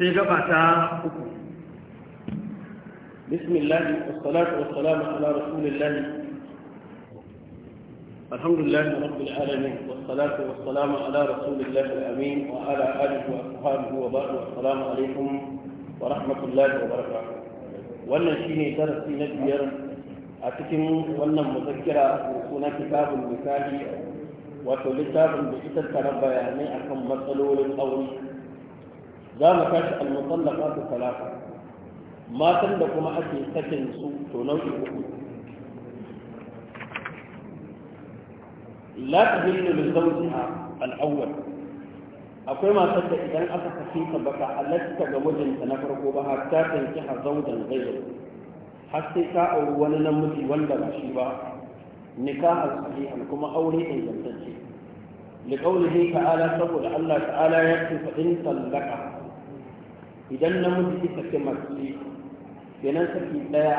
بسم الله والصلاة والسلام على رسول الله الحمد لله رب العالمين والصلاة والسلام على رسول الله الأمين وعلى آله وأصحابه وبارك السلام عليكم ورحمة الله وبركاته وأن شيني درس نبي أتكم وأن مذكرة وكنا كتاب مثالي وكل كتاب بحيث التنبيه يعني أكم مسألول القول za mu tashi al-mutallaqa ta talaka matan da kuma ake sakin su to nau'i uku la tahillu li zawjiha al-awwal akwai matar da idan aka kashe ta baka halatta ga mijinta na farko ba har ta tanki ha zaudan gairu har sai ka auri wani namiji wanda ba shi ba nikahan sahihan kuma aure ingantacce لقوله تعالى سبحانه الله تعالى يكفي فإن طلقها idan namiji ki saki mace kenan saki ɗaya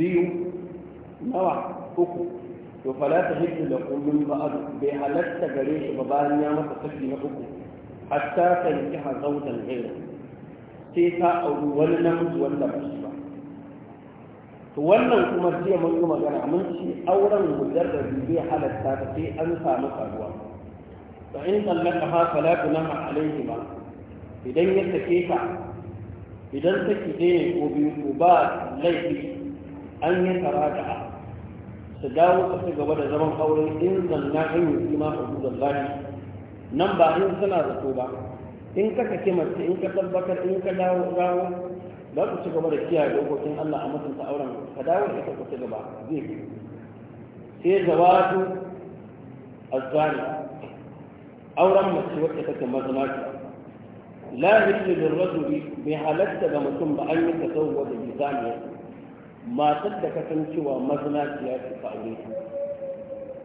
biyu nawa uku to fala ta hiddu da kullum ba bai halatta gare shi ba bayan ya masa saki na uku hatta ta yi ha zautan hira, sai ta auri wani namiji wanda ba shi ba to wannan kuma jiya mun yi magana mun ci auren mujarrabi bai halatta ta sai an samu karuwa fa in tallaka ha fala tunaha ba. idan ya sake ka idan ta ki ne ko biyu ko ba laifi an yi tara da a su dawo su gaba da zaman auren in zanna in yi ma da zallani nan ba in suna zato ba in ka sake mace in ka tabbatar in ka dawo dawo za ku ci gaba da kiyaye dokokin Allah a mutunta auren ka dawo da ita ku ci gaba zai fi sai zawatu azzani auren mace wacce take mazana la hillu lil rajuli bai halatta ga mutum ba an yi tasawwa da bizaniya matar da kasancewa mazinaciya ce ka aure ta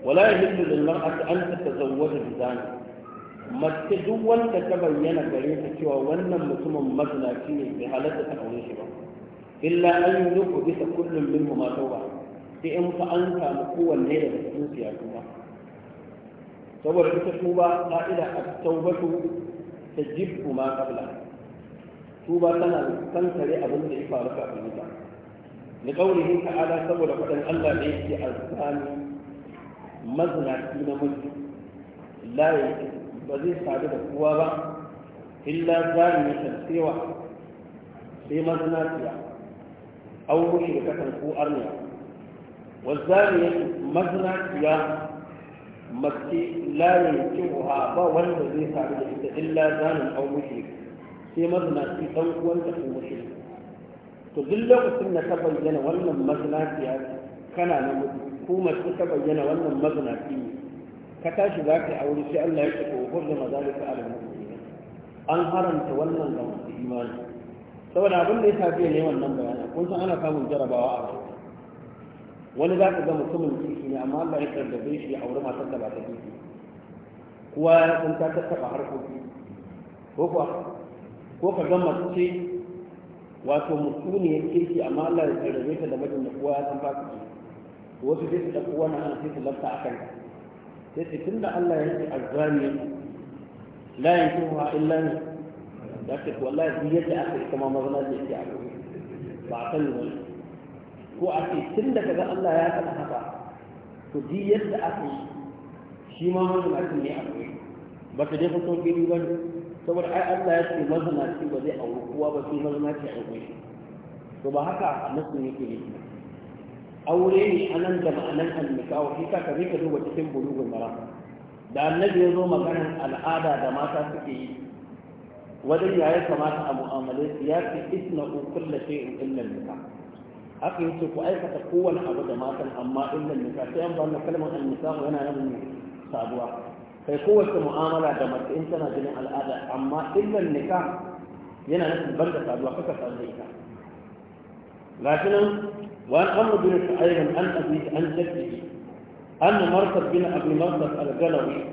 wala hillu lil mar'ati an tatazawwaja bizaniya mace duk wanda ta bayyana gare ta cewa wannan mutumin mazinaci ne bai halarta ta aure shi ba illa an yuku bisa kullum min ma sai in fa an kowanne daga cikin ya saboda ta jibbu ma kabla tuba tana kankare abin da ya faru kafin ita da kaurihin ta'ala saboda faɗin Allah da yake alƙami mazinaci na mulki la ba zai sadu da kowa ba illa zalimi tarsewa sai mazinaciya au mushi da kasan ko Wa arniya wazzani mazinaciya makki la cewa ba wanda zai sami da ita illa zanin aw mushrik sai mazinaci dan uwanta ko mushrik to duk lokacin da ka bayyana wannan mazinaciya kana na mutu ko mace ka bayyana wannan mazinaci ne ka tashi za ka yi aure sai Allah ya ce ko hurda mazalika ala mu'minin an haramta wannan da musu imani saboda abin da ya sa ne wannan bayanan kun san ana samun jarabawa a rayuwa wani za ka ga mutumin kirki ne amma Allah ya kardabe shi ya auri matar da ba ta kirki kuwa ya san ta tattaba harkoki ko kuwa ko ka ga mace wato mutuniyar kirki amma Allah ya kardabe ta da mijin da kuwa ya san ba ta wasu sai su ɗauko wani hana sai su lafta a kanka sai su tunda Allah ya ce azzani la yankuha illa ni da ta wallahi duk yadda aka yi kama mazana da yake a ba a sani ba. ko a ce tun da kaga Allah ya faɗa haka to ji yadda aka yi shi ma mazinaci ne a wuri ba ta dai fito fili ba saboda ai Allah ya ce ce ba zai auri kowa ba sai mazinaci a wuri to ba haka nasu yake ne aure ne anan da ma'anan almikawa shi ka kare ka duba cikin bulugun mara da annabi ya zo maganin al'ada da mata suke yi wajen ya kamata a mu'amalai ya ce isna ukun da ce in illan nika أكيد سوف أي قوة نحو جماعات أما إلا النساء فيما بأن نتكلم عن النساء وأنا أنا يعني من سابوا في قوة المعاملة جماعات إنت نجمع الأداء أما إلا النساء ينا نفس البلد سابوا فكرة النساء لكن وأن أمر بن سعيدا أن أبيت أن جده أن مرتب بن أبي مرتب الجلوي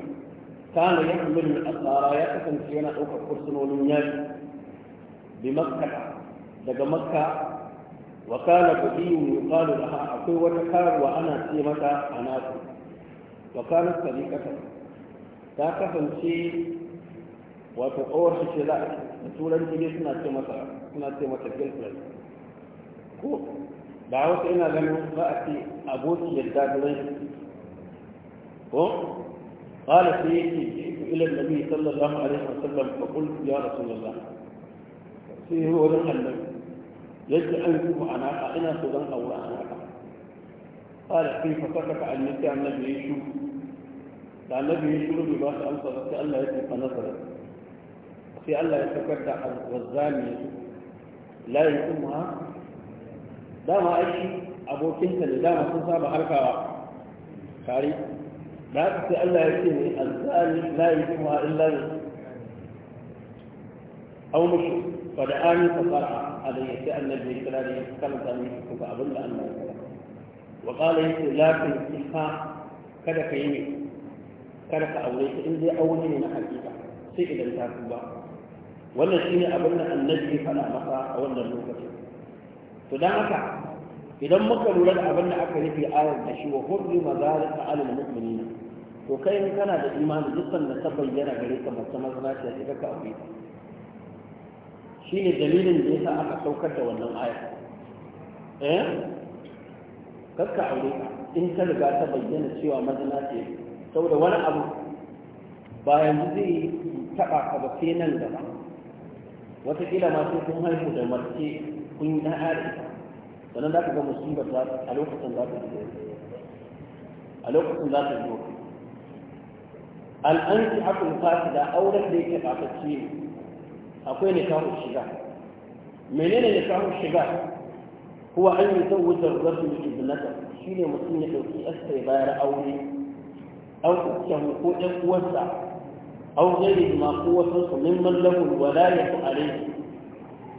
كان يحمل من أسارا يأتكن فينا أوكا كرسن ولم يجد بمكة لقى مكة wa kana qadiyun yuqalu laha akwai wata karuwa ana ce mata anatu wa kana sadiqatan ta kasance wato kawar shi ce da turanci ne suna ce mata suna ce mata ko da hausa ina ganin za a ce aboki yadda turanci ko قال سيدي إلى النبي صلى الله عليه وسلم فقلت يا رسول الله yi wurin النبي يجب أن تكون أنا أو لا قال كيف فتك عن نساء النبي يشو لا النبي يشو ربي باس أنسى في الله يتبقى نظرة في الله يتكدع والزاني لا يكونها دام أشي أبو كنتني دام تصاب حركة كاري لا في لا يتبقى الزاني لا يكونها إلا أو مشو فدعاني فقرها ya sai annabi ya kira da ya karanta ne ko ga abin da Allah ya kira wa qala yake la tunkiha kada ka yi ne kada ka aure ta in dai aure ne na hakika sai idan ta tuba wannan shine abin da annabi ya faɗa masa a wannan lokacin to dan haka idan muka lura da abin da aka rufe ayar da shi wa hurrima zalika alal mu'minina to kai in kana da imani dukkan da ta bayyana gare ka mace mazana ce ka ka aure ta shi ne dalilin da yasa aka saukar da wannan aya eh kakka aure in ka riga ta bayyana cewa mazina ce saboda wani abu ba yanzu zai taba ka ba sai nan gaba wataƙila ma sai kun haihu da mace kun yi ɗan ita sannan za ka ga musibar za a lokacin za ka zo a lokacin za ka zo al'anci akul fasida auren da yake ɓatacce ne akwai nikahu shiga menene nikahu shiga huwa an yi zawwata rajul shi ne mutum ya dauki asta ya bayar aure aw uktahu ko ɗan uwarsa aw ghairi ma ko wasu mimman lahu walayatu alayhi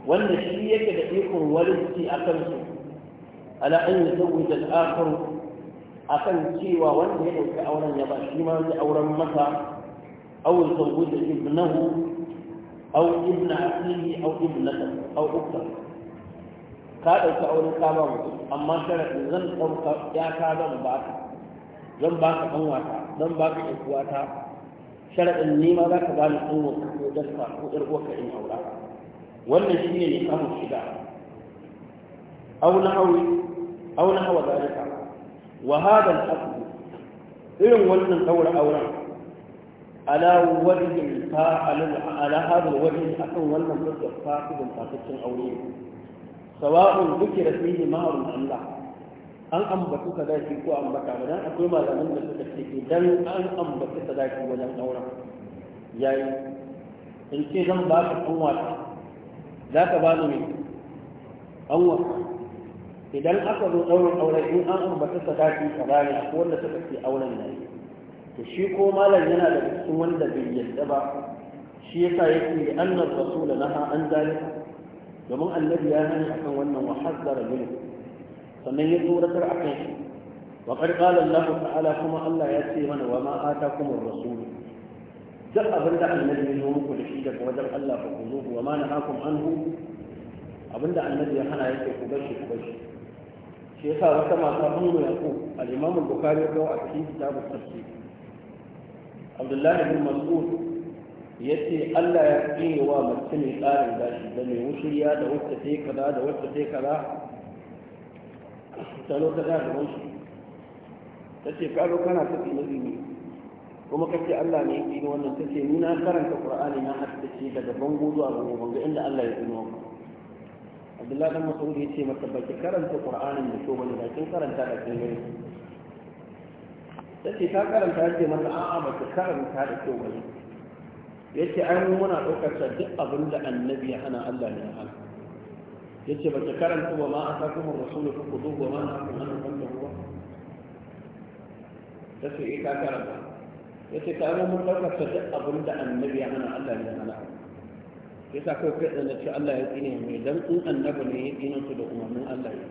wanda shi yake da ikon walisi a kansu, ala an yi yuzawwija al a kan cewa wanda ya ɗauki auren ya ba shi ma zai auren masa aw yuzawwija ibnahu au ibna akhihi au ibnata au ukta ka dauki auren ka ba mutum amma sharadin zan ɗauka, ya ka zan ba ka zan ba ka dan wata zan ba ka ɗan uwata sharadin nema za ka bani ɗan wata ko dasta ko ɗan uwarka in aura wannan shine ne kamun shiga Auna aure au hawa zalika wa hadal asli irin wannan daura auren ala wajhin fa'alun ala hadal wajhi akan wannan fuskar fasidin fasikin aure sawa'un su yi ma'run Allah an ambaci sadaki ko ambata ba dan akwai malaman da suka ce idan an ambaci sadaki wajen auren yayi in ce zan ba ka an wata za ka ba ni mai an wata idan aka zo auren aure in an ambaci sadaki ka bani akwai wanda suka ce auren na yi to shi ko malam yana da cikin wanda bai yadda ba shi yasa yake da annar rasul laha an zalika domin annabi ya hani akan wannan wa hazzara min sannan ya tsoratar akan shi wa qad qala Allah ta'ala kuma Allah ya ce mana wa ma atakum ar-rasul duk abin da annabi ya zo ku da shi daga wajen Allah fa ku zuhu wa ma nahakum anhu abinda annabi ya hana yake ku bashi ku bashi shi yasa wata mata ummu yaqub al-imam al-bukhari ya kawo a cikin kitabut tafsir abdullahi bin mas'ud ya ce allah ya ƙi wa mace mai tsarin gashi da mai wushiriya da wacce ta yi kaza da wacce ta yi kaza ta lokacin da wanshi ta ce ka zo kana tafi na biyu kuma kace Allah ne ya tsino wannan kace ni na karanta Qur'ani na haskace daga bango zuwa bango bango inda Allah ya tsino Abdullah dan Mas'ud ya ce masa ba ki karanta Qur'anin da to bane ba kin karanta da kin gani ce ta karanta yake masa a'a ba ta karanta da kyau bane yace ai mu muna daukar sa duk abin da annabi ya hana Allah ne ya hana yace ba ta karanta ba ma asakum ar-rasul fa khudhu ba ma nahakum anhu fantahu ba tace eh ta karanta yace ta mu mun daukar sa duk abin da annabi ya hana Allah ne ya hana yasa kai kai da ce Allah ya tsine mai dan in annabi ne ya tsine su da umarnin Allah ne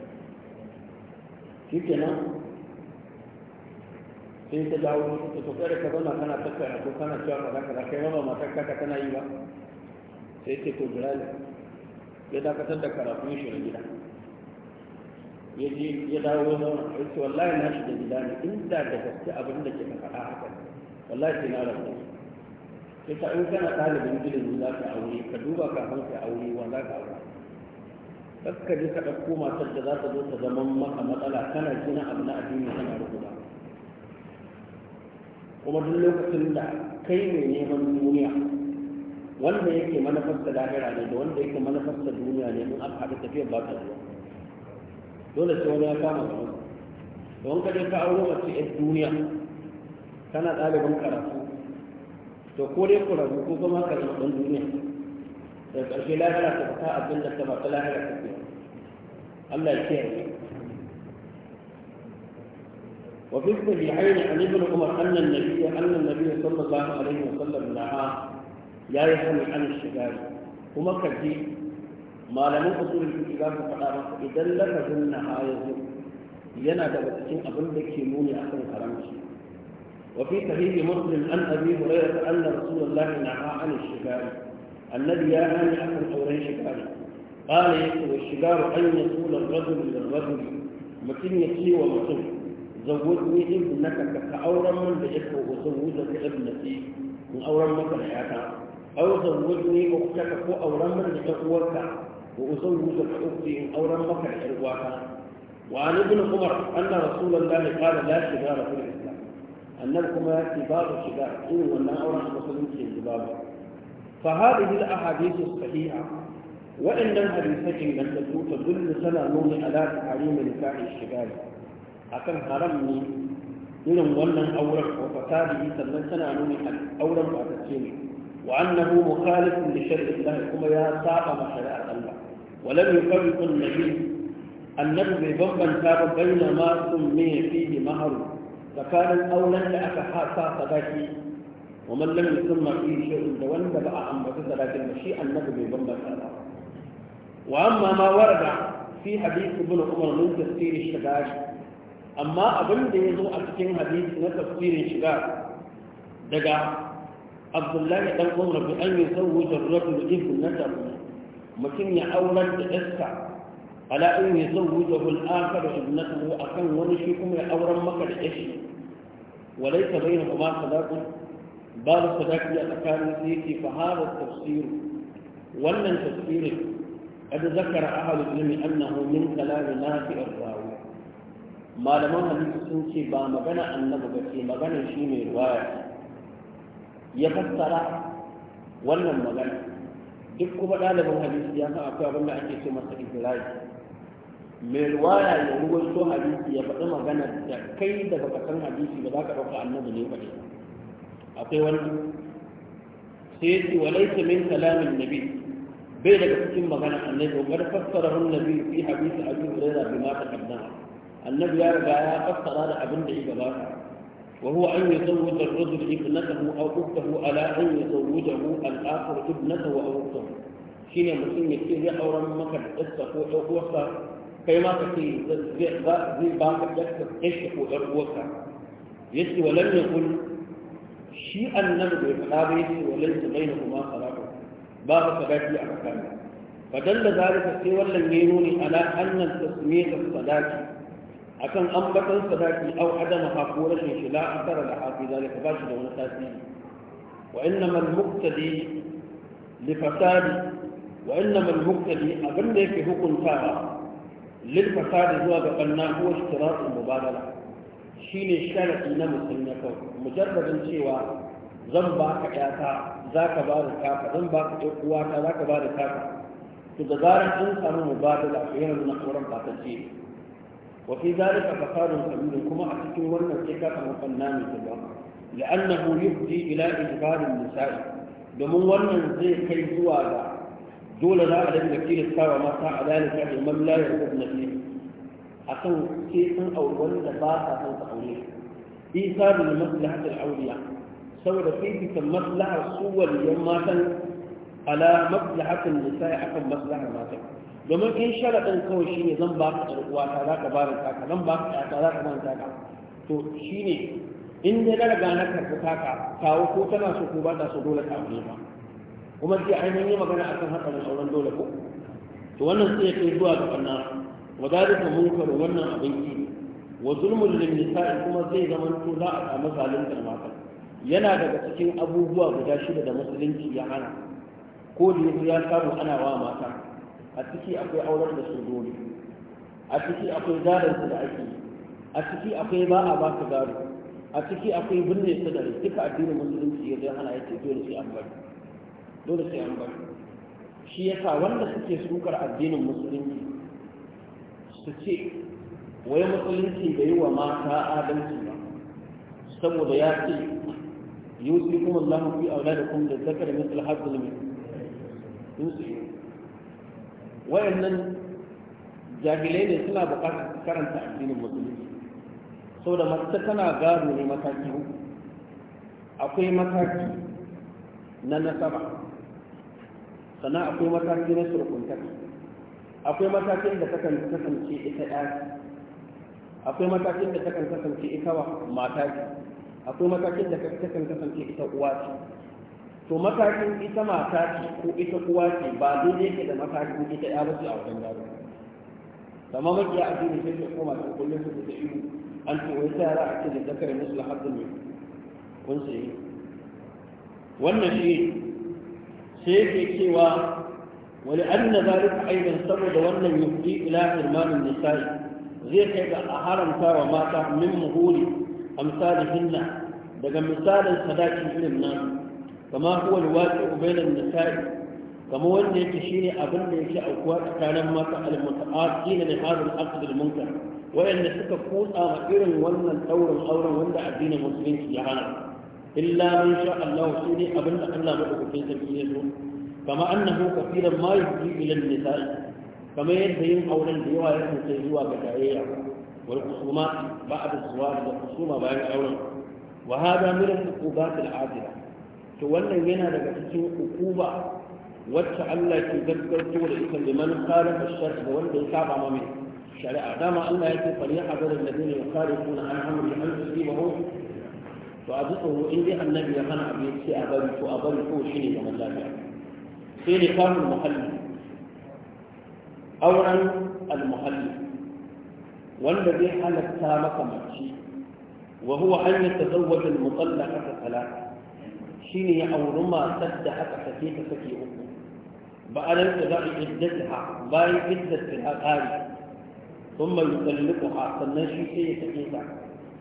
shikenan sai ta dawo ta to da ka zauna kana tattara ko kana cewa kaza kaza kai ba matar kaka tana yi ba sai ce to jirali ya dakatar da karatun shi na gida ya je ya dawo zauna ya ce wallahi na shi da gida ne inda da gaske abin da ke faɗa haka wallahi sai na rabu sai ta in kana ɗalibin ilimi za ka aure ka duba kafin ka aure wa za ka aure kakka je ka ɗauko matar da za ta zo ta zama maka matsala kana gina abu na addini kana rubuta kuma duk lokacin da kai mai neman duniya wanda yake manufarsa lahira ne da wanda yake manufarsa duniya ne mun aka haɗu tafiyar ba ta zuwa dole sai wani ya kama su don ka je ka auro mace yan duniya kana ɗaliban karatu to ko dai ku rabu ko kuma ka zama ɗan duniya da ƙarshe lahira ta fita abin da ta ba ta lahira ta Allah ya kiyaye وفي الصحيحين عن ابن عمر ان النبي ان النبي صلى الله عليه وسلم نهى لا يحمل عن الشجار وما كذي ما لم اصول الكتاب فقال اذا لك النهايه ينا daga cikin abin da ke nuni akan haramci وفي صحيح مسلم عن ابي هريره ان رسول الله نهى عن الشجار الذي يا هاني اكل حورين شجاري قال يكتب الشجار ان يقول الرجل للرجل متن يسير ومتن زوجني ابنك كأورا من بإخوة وزوجك ابنتي من أورا من بحياتها أو زوجني أختك كأورا من بإخوتك وأزوجك أختي من أورا من بحياتها وعن ابن عمر أن رسول الله قال لا شجار في الإسلام أنكما كبار شجار إن وأن أورا مسلم في الجباب فهذه الأحاديث الصحيحة وإن الحديثين من تدل سلامون على تعليم نكاح الشجار akan haram ne irin wannan auren ko yi sannan tana nuna auren ba ta ce ne wa annahu mukhalifun li shar'i Allah kuma ya saba ma shari'ar Allah wa lam yufarriqu an-nabi annabi bai bambanta ba baina ma summiya fihi mahar tsakanin auren da aka hasa sadaki wa man lam yusamma fihi shay'un da wanda ba a ambata sadakin ba shi annabi bai bambanta ba wa amma ma warada fi hadith ibn umar min tafsir ash-shada'ir amma abin da ya zo a cikin hadisi na tafsirin shiga daga abdullahi dan umar bi an yi zawwaja rajul ibnata mutum ya aurar da iska ala an yi zawwaja bil akhar ibnata akan wani shi kuma ya auren maka da ishi walaysa bainahuma sadaqun babu sadaqi a tsakanin su fa hada tafsir wannan tafsirin قد ذكر أهل العلم أنه من كلام نافع الراوي malaman hadisi sun ce ba magana annabi ba ce magana shi mai ruwaya ya fassara wannan magana duk kuma ɗaliban hadisi ya san akwai abin da ake ce masa ibrahim mai ruwaya ya ruwaito hadisi ya faɗi magana da kai da baka san hadisi ba za ka ɗauka annabi ne faɗi akwai wani sai ce walaita min kalamin nabi bai daga cikin magana annabi ko fassara hun nabi fi hadisi abin hurairah bi mata taqaddama annabi ya riga ya fassara da abin da ya gabata وهو أن يزوج الرجل ابنته أو أخته على أن يزوجه الآخر ابنته أو أخته شين مسلم يصير يحورا مكة أسفه أو أخته كما تكي زي بانك يكتب أسفه أو أخته يسي ولم يقل شيء النبي بالحابيس وليس بينهما خلاف باب ثباتي على كامل فدل ذلك سوى لم ينوني على أن التسمية الصلاة akan ambatan sadaki au adama ha ko rashin shi la asara da hafi zalika ba shi da wani tasiri wa innama al-muqtadi li fasadi wa innama al-muqtadi abinda yake hukunta lil fasadi zuwa ga banna ko ishtiratul mubadala shine sharadi na musulmi kawai mujarradin cewa zan ba ka ƴata za ka ba da kaka zan ba ka ƴan uwata za ka ba da kaka to da zarar an samu mubadala to yana nuna sauran ba ta ce وفي ذلك فساد كبير كما أتكن ولن تكاك مقنام الجبا لأنه يفضي إلى إجبار النساء domin wannan zai kai zuwa da dole za a dinga tilasta wa mata a dalika ilman layar gwamnati a kan ke sun auren da ba sa son ta aure isa da maslahatul auliya saboda fifita maslahar su waliyan matan ala akan maslahar matan domin in sharaɗin kawai shi ne zan ba ka ɗar'uwa ta za ka ba da taka zan ba ka ɗata za ka ban taka to shi ne in dai na riga na karɓi taka kawo ko tana so ko ba ta so dole ta ne ba kuma sai ainihin yi magana akan hatsarin sauran dole ko to wannan sai ya kai zuwa ga wannan wadarika munkaru wannan abin ki wa zulmul lin nisa'i kuma zai zama to za a samu zaluntar mata yana daga cikin abubuwa guda shida da musulunci ya hana ko da ya samu ana wa mata a ciki akwai auren da su dole a ciki akwai gadon su da ake a ciki akwai ba a ba su gado a ciki akwai binne su da duka addinin musulunci ya zai hana ya ce dole sai an bari dole sai an bari shi ya sa wanda suke sukar addinin musulunci su ce wai musulunci bai yi wa mata adalci ba saboda ya ce yusi kuma Allah fi auladakum da kuma da zakar misal hadd al-min wayannan jahilai ne suna buƙatar karanta addinin musulunci saboda mace tana gado ne mataki akwai mataki na nasaba sannan akwai mataki na surkuntaka akwai matakin da takan kasance ita ɗaya akwai matakin da takan kasance ita wa mata akwai matakin da takan kasance ita uwa ce to matakin ita mata ce ko ita kuwa ce ba daidai yake da matakin ita ya rasu a wajen gado da mamaki ya addini sai ta koma cikin kullum su ta ido an ce wai sai yara a ce da zakarin musu lahaddin ne kun sai eh. wannan shi sai yake cewa wani an na zalika aidan saboda wannan yufi ila irmanin nisa'i zai kai ga a haramta wa mata min muhuri amsalihinna daga misalin sadakin irin nasu kama huwa alwaqi bainan nisa'i kama wanda yake ne abin da yake aukuwa tsakanin mata al-muta'aqina li hadha al-aqd al-munkar wayanda suka kutsa ma irin wannan daurin auren wanda addinin musulunci ya hana illa man sha Allah shi ne abin da Allah madaukakin sarki ya so kama annahu kafiran ma yuhi ila nisa'i kama yadda yin auren da yawa ya kai zuwa ga tarayya wal kusuma ba'da zuwa da kusuma bayan auren wa hada min al-uqubat al-adila to wannan yana daga cikin hukuma wacce Allah ke gaggarto da ita liman khalafa shar da wanda ya saba ma mai shari'a dama Allah ya ce fari hadar alladhina yukhalifuna an amri an tusibahu to a duka in dai annabi ya hana abin sai a bari ko a bari ko shi ne shine zaman lafiya sai ne kamun muhalli auren al wanda zai halatta maka mace wa huwa an yatazawwaj al-mutallaqata talata. shine ya auri matar da aka sake ta sake uku ba a rantsa za a iddata bayan iddata ta ƙari sun mai tsalliku ha sannan shi sai ya sake ta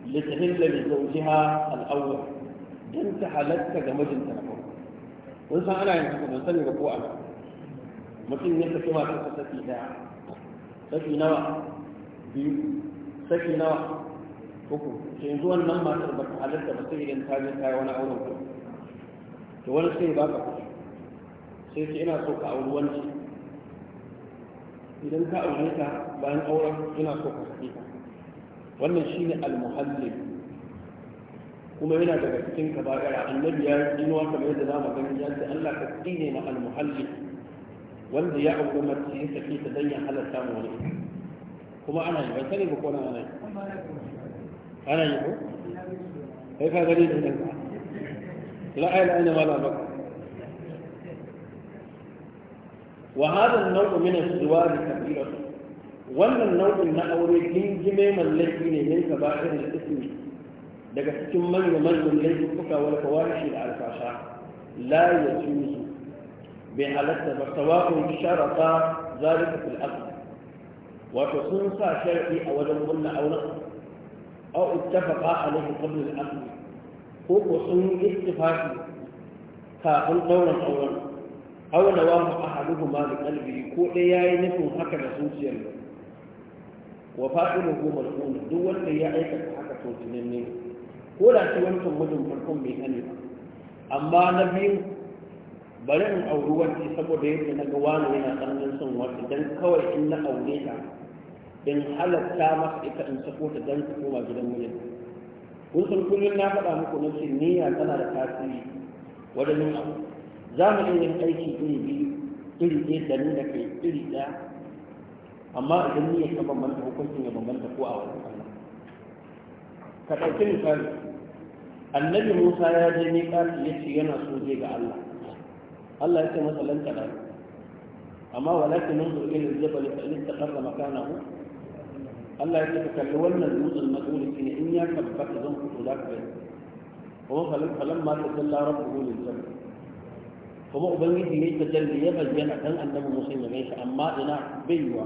littafin da mai zaujiha al'awwal don ta halatta ga mijinta na farko kun san ana yin haka ban sani ga ko ana mutum ya sake matar ta sake daya sake nawa biyu sake nawa uku yanzu wannan matar ba ta halatta ba sai idan ta je ta yi wani auren kuma Da wani sai ba ka kuɗi sai ce ina so ka auri wanci idan ka aure ka, bayan auren ina so ka sake wannan shi ne muhallim kuma yana daga cikin kaba'ira annabi ya yi inuwa kamar yadda za mu gani ya ce Allah ka tsine ma al wanda ya auri mace ya sake ta dan ya halatta mu wani kuma ana yi ba sani ba ko ana yi ana yi ko kai ka gani da ɗan nan لا أين أنا ولا بكر وهذا النوع من الزواج كبيرة ولا النوع من أوري جنجمة من الذين من كبائر الإثم daga cikin manya-manyan laifuka wani kawai da alfasha la ya su bai halarta, ba sawa'un sharafa zalika fil aqd wato sun sa sharadi a wajen kunna aure aw ko ko sun yi istifaki kafin ɗaurin auren auna wa mu ahaluhu ma da kalbi ko ɗaya ya yi nufin haka da zuciyar wa fa'ilu ko mal'un duk wanda ya aikata haka to tunanne ko da shi wancan mijin farkon mai sani amma na biyu bari in auri wanci saboda yadda na ga wani yana tsananin son wata don kawai in na aure ta in halatta masa ita in sako ta don koma gidan mijinta kun san kullum na faɗa muku na ce niyya tana da tasiri wajen yin abu za mu iya yin aiki iri biyu iri ɗaya da ni da kai iri ɗaya amma idan niyya ta bambanta hukuncin ya bambanta ko a wani Allah ka ɗauki misali annabi Musa ya je ne ƙasa ya ce yana so je ga Allah Allah ya ce masa lanta amma walakin nan zo ilil jabal fa in istaqarra makanahu Allah ya ce kalli wannan dutsen na shi ne in ya tabbata zan fito za ka yi. kuma falin falin ma ta zalla rabu ne zan kuma ubangiji ya yi tajalli ya bayyana kan annabi musa ya gaishe amma ina bai yiwa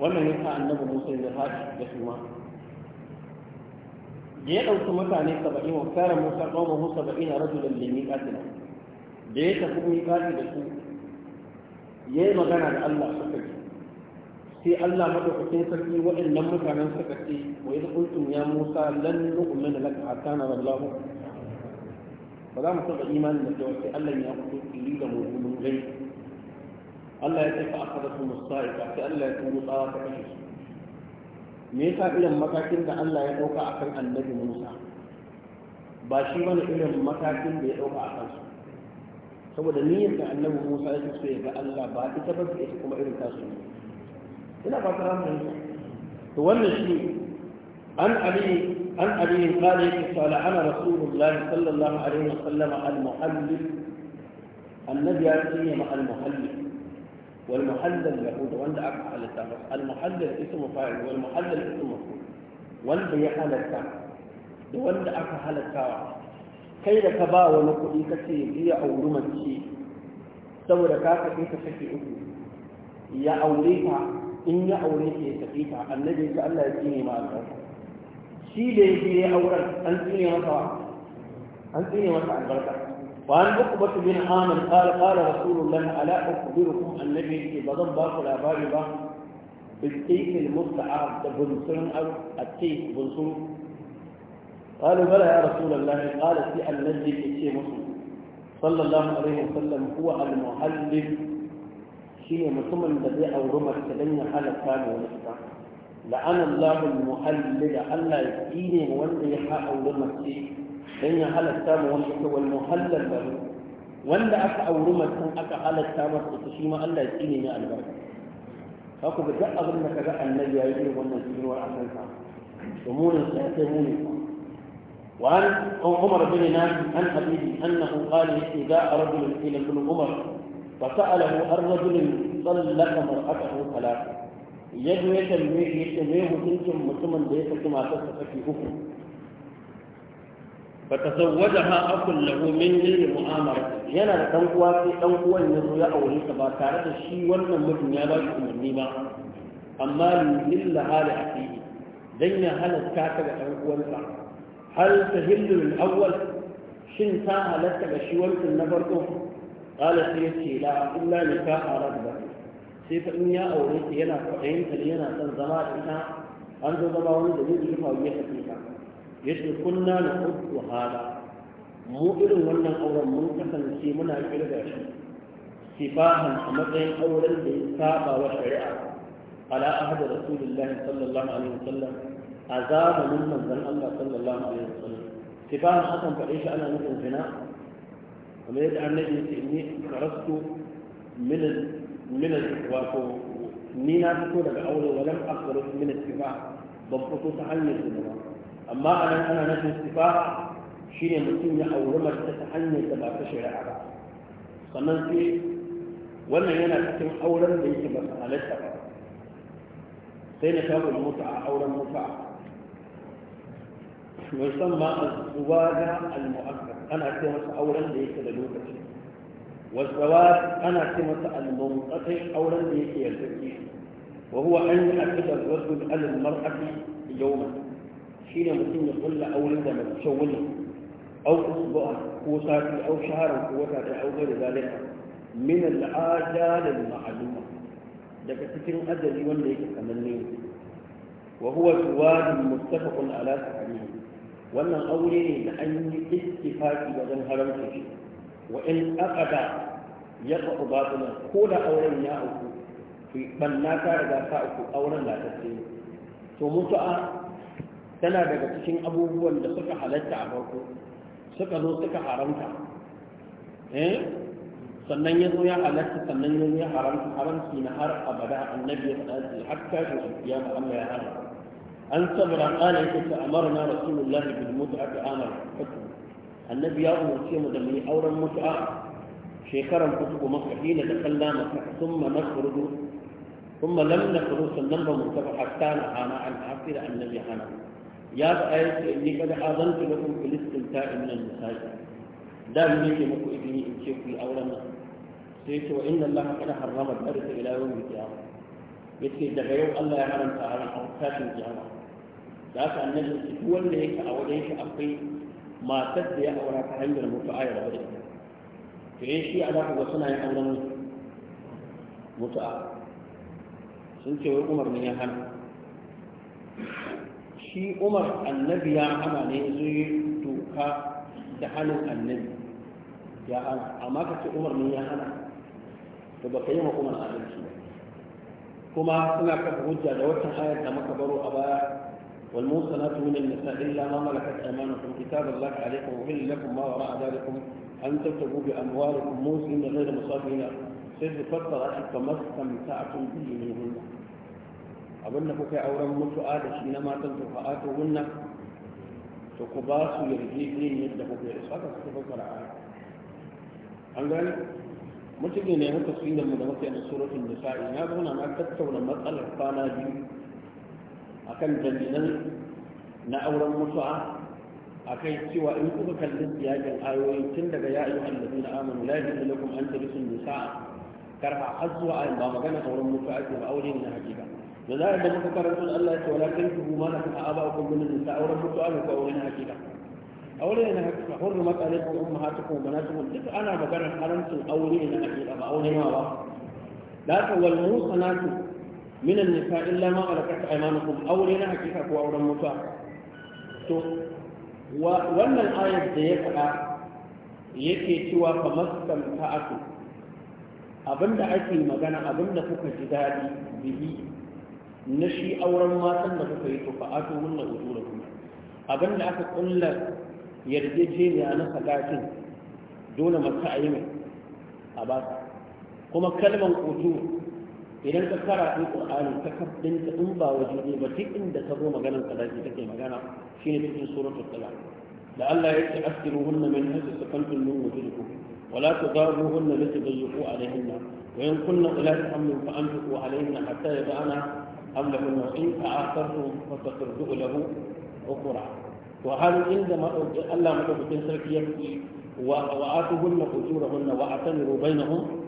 wannan ya sa annabi musa ya fashi da su ma ya ɗauki mutane saba'in wa kare musa ɗauma musa ba'in a rajulan limin ƙasina da ya tafi miƙaƙi da su ya yi magana da allah suka ji sai Allah madaukakin sarki wa'annan mutanen suka ce wa idh qultum ya Musa lan nu'min laka hatta nara Allah ba za mu saba imanin da cewa sai Allah ya fito fili da mu mun gai Allah ya tafi akadatu musaika sai Allah ya tuno tsawa ta kashe me yasa irin matakin da Allah ya dauka akan annabi Musa ba shi wani irin matakin da ya dauka akan su saboda niyyar da annabi Musa ya ce ga Allah ba ita ba sai kuma irin tasu ne ina ba ta ramu to wannan shi an ali an ali qala yake sala ana rasulullahi sallallahu alaihi wasallam al muhallil annabi ya tsine ma al muhallil wal muhallil yahud wanda aka halatta al muhallil ismu fa'il wal muhallil ismu maf'ul wanda ya halatta da wanda aka halattawa kai da ka ba wani kuɗi ka ce biya auri mace saboda ka kaɗe ka sake uku ya aure ta in yi aure ke tafi ta annabi ga Allah ya tsine ma aka shi da ya je auren an tsine masa an tsine masa albarka wa an buku batu bin amin qala qala rasulullahi ala ukhbirukum annabi ke bazan ba ku labari ba bitayka almusta'ab da bunsun aw atay bunsun قالوا بلى يا رسول الله قال في النجد في مسلم صلى الله عليه وسلم هو المحلل shi ne mutumin da zai auri mace don ya halatta da wani ita la'ana Allahul muhallila Allah ya tsine wanda ya ha auri mace don ya halatta ma wani ita wal muhallal lahu wanda aka auri mace aka halatta masa ita shi ma Allah ya tsine ne albarka haka ga duk abin da kaga annabi yayi irin wannan tsinuwar a kansa domin sai sai muni وعن عمر بن نافع عن أبيه أنه قال إذا رجل إلى ابن عمر فسأله عن رجل طلق مرأته ثلاثة يجو يتنبيه يتنبيه كنتم مسلما ليس كما تستفي أخر فتزوجها أخ له مني المؤامرة yana da ɗan uwa sai ɗan uwan ya zo ya ba tare da shi wannan mutum ya ba shi umarni ba amma lilla hali a fiye don ya halatta ta ga ɗan uwansa hal ta hillu shin ta halarta ga shi na farko قال سيتي لا إلا نكاح رغبة سيف إن يا أوليك ينا فعين تلينا تنزما إنا أنت ضماوني دليل شفا ويكا فيها يشن كنا نحب هذا mu irin wannan auren mun kasance muna kirga shi sifahan a matsayin auren da ya saba wa shari'a ala ahad rasulullahi sallallahu alaihi wasallam a zamanin manzon Allah sallallahu alaihi wasallam sifahan akan faɗe shi ana nufin zina kamar yadda annabi ya ce ni karastu min min wato ni na fito daga aure walam akbaru min istifa ban fito ta hanyar da ba amma anan ana nufin istifa shine mutum ya aure mace ta hanyar da ba ta shari'a ba sannan sai wannan yana cikin auren da yake ba halatta ba sai na kawo mutu a auren mutu ويسمى الزواج المؤكد ana ce masa auren da yake da lokaci wasawa ana ce masa al-munqati auren da yake yarjaki wa huwa an yaqda ar-rajul ala al-mar'ati yawman shine mutum ya kulla auren da mace wani au usbu'a ko sati au shahara ko wata da au gari zalika min al-ajal al-ma'luma daga cikin ajali wanda yake sananne wa huwa suwadun muttafaqun ala sahihi wannan aure ne da an yi ittifaki wajen haramta shi wa in aqada ya faɗi batunan ko da auren ya auku to banna ta riga ta auku auren da latacce ne to mutu'a tana daga cikin abubuwan da suka halatta a farko suka zo suka haramta eh sannan ya zo ya halatta sannan ya zo ya haramta haramci na har abada annabi ya faɗa shi har tashin alkiyama Allah ya haramta an samura kala yake ta amara na rasulullahi bil mut'a ta amara annabi ya umarce mu da mu yi auren mut'a shekaran kutubu maka hina da kalla maka thumma nakhruju thumma lam nakhruju sannan ba mu tafi hatta na hana an hafi annabi hana ya ta ayyace inni kada azantu lakum filistin ta'in nan misali da ni yake muku izini in ce ku yi auren nan sai ce wa inna allaha kada harrama al-arsa ila yawm al-qiyamah yace daga yau Allah ya haramta haram a tashin kiyama da haka annabi ce duk wanda yake a wajen shi akwai matar da ya aura ta hanyar mutu'a ya rabu da ita to yin eh, shi a zaka ga suna yin auren mutu'a sun ce wai Umar ne ya hana shi Umar annabi ya hana ne zai doka da hannun annabi ya hana amma ka ce Umar ne ya hana to ba ka yi wa Umar adalci ba kuma suna kafa hujja da wata ayar da muka baro a baya wal musanatu min an-nisa illa ma malakat aymanukum kitaballahi alaykum wa illa lakum ma wara'a dhalikum an tabtagu bi amwalikum muslimin ghayra musafina sai su fassara shi kamar samta'atun bihi min hunna abinda kuka yi auren mutu'a da shi na matan tufa'atu hunna to ku ba su yarjejin yadda kuka yi saka su fassara an gani mutane ne haka su mu da muke da suratul nisa'i na zauna na tattauna matsalar kwana biyu kan dalilan na auren mutuwa a kai cewa in kuka kalli siyakin ayoyi tun daga ya ayyuhal na amanu la da lakum an tarisu nisa'a karha har zuwa ayin ba magana auren mutu'a ce ba aure ne na hakika da za a da muka karanta Allah ya ce wala tankihu ma lakum aba'ukum min nisa'a auren mutuwa ne ko auren hakika aure ne na hurmat alaikum ummahatukum wa banatukum duk ana maganar haramcin aure ne na hakika ba aure ma ba la ta wal musanatu min an nisa illa ma alakat aymanukum aure na hakika ko auren mutuwa to wannan ayar da ya faɗa yake cewa fa maskan ta'atu abinda ake magana abinda kuka ji daɗi bihi na shi auren matan da kuka yi to fa'atu wannan ujura kuma abinda aka kulla yarjejeniya na sadakin dole mace a yi mai a ba kuma kalman kotu idan ka kara in ƙur'ani ta kafin ta in ba waje ne ba duk inda ka zo maganar sadaki take magana shine cikin suratul talaq da Allah ya ce askiruhunna min haythu sakantum min wujudikum ولا تضاروهن لتضيقوا عليهن وإن كن أولاد أمر فأنفقوا عليهن حتى يبعن أمرهن وإن تعاثرتم فتقرضوا له أخرى to har inda Allah madaukakin sarki ya fi wa atuhunna ujurahunna wa na bainahum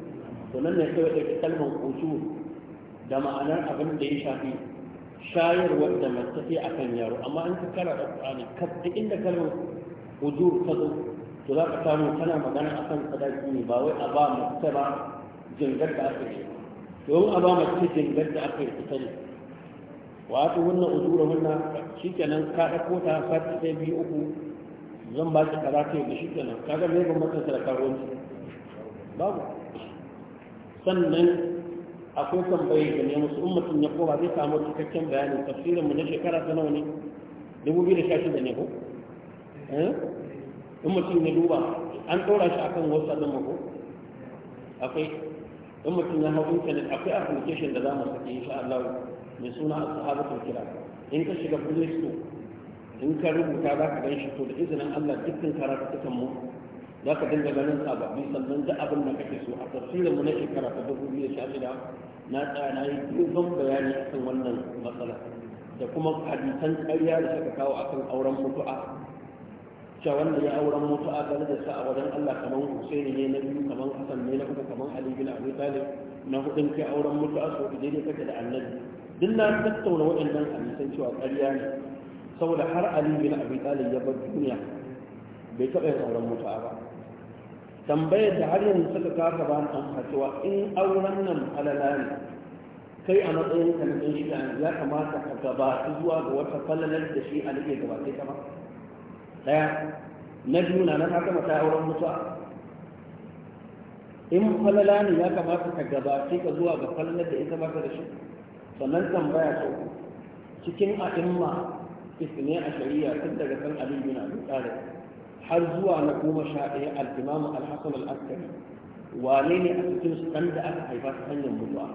to nan ne sai da kalmar ujur da ma'anar abin da ya shafi shayarwar da mace a kan yaro amma an ka kara da Qur'ani kadda inda kalmar ujur ta zo to za ka samu tana magana a akan sadaki ne ba wai a ba mace ba jingar da aka yi domin a ba mace jingar da aka yi ta ne wa wannan usura wannan shikenan ka ɗauko ta sati ɗaya biyu uku zan ba ki kaza ta yadda shikenan kaga me ban maka da karuwanci babu sannan akwai tambaye da ne musu ummatin ya kowa zai samu cikakken bayanin tafsirin mu na shekara ta nawa ne 2016 ne ko eh ummatin ya duba an tsora shi akan wasu ɗin mako akwai ummatin ya hau intanet akwai application da za mu saki insha Allah mai suna a sahabatul kira in ka shiga play store in ka rubuta za ka ganshi to da izinin Allah dukkan karatukan mu za ka dinga ganin sababbi sannan da abin da kake so a tafsirin mu na shekara ta dubu biyu sha shida na tsaya na yi dogon bayani akan wannan matsala da kuma hadisan ƙarya da suka kawo akan auren mutu'a cewa wanda ya auren mutu'a gane da sa a wajen Allah kamar Husaini ne na biyu kamar Hassan ne na uku kamar Ali bin Abi Talib na hudun kai auren mutu'a so idan ne kake da Annabi duk na tattauna waɗannan hadisan cewa ƙarya ne saboda har ali bin abi talib ya bar duniya bai taɓa yin auren mutuwa ba tambayar da har yanzu suka kafa ba an cewa in auren nan falala ne kai a matsayin ka na ɗan shi ya kamata ka gabatu zuwa ga wata falalar da shi a nake gabatai ta ba ɗaya na biyu na na ta gama ta auren mutuwa in falala ne ya kamata ka gabace ka zuwa ga falalar da ita ba ka da shi sannan tambaya ce cikin a'imma isne a shari'a tun daga san abin bin abin tsari har zuwa na goma sha ɗaya al-imam al-hasan al-askari wane ne a cikin su kan da aka haifa ta hanyar mutuwa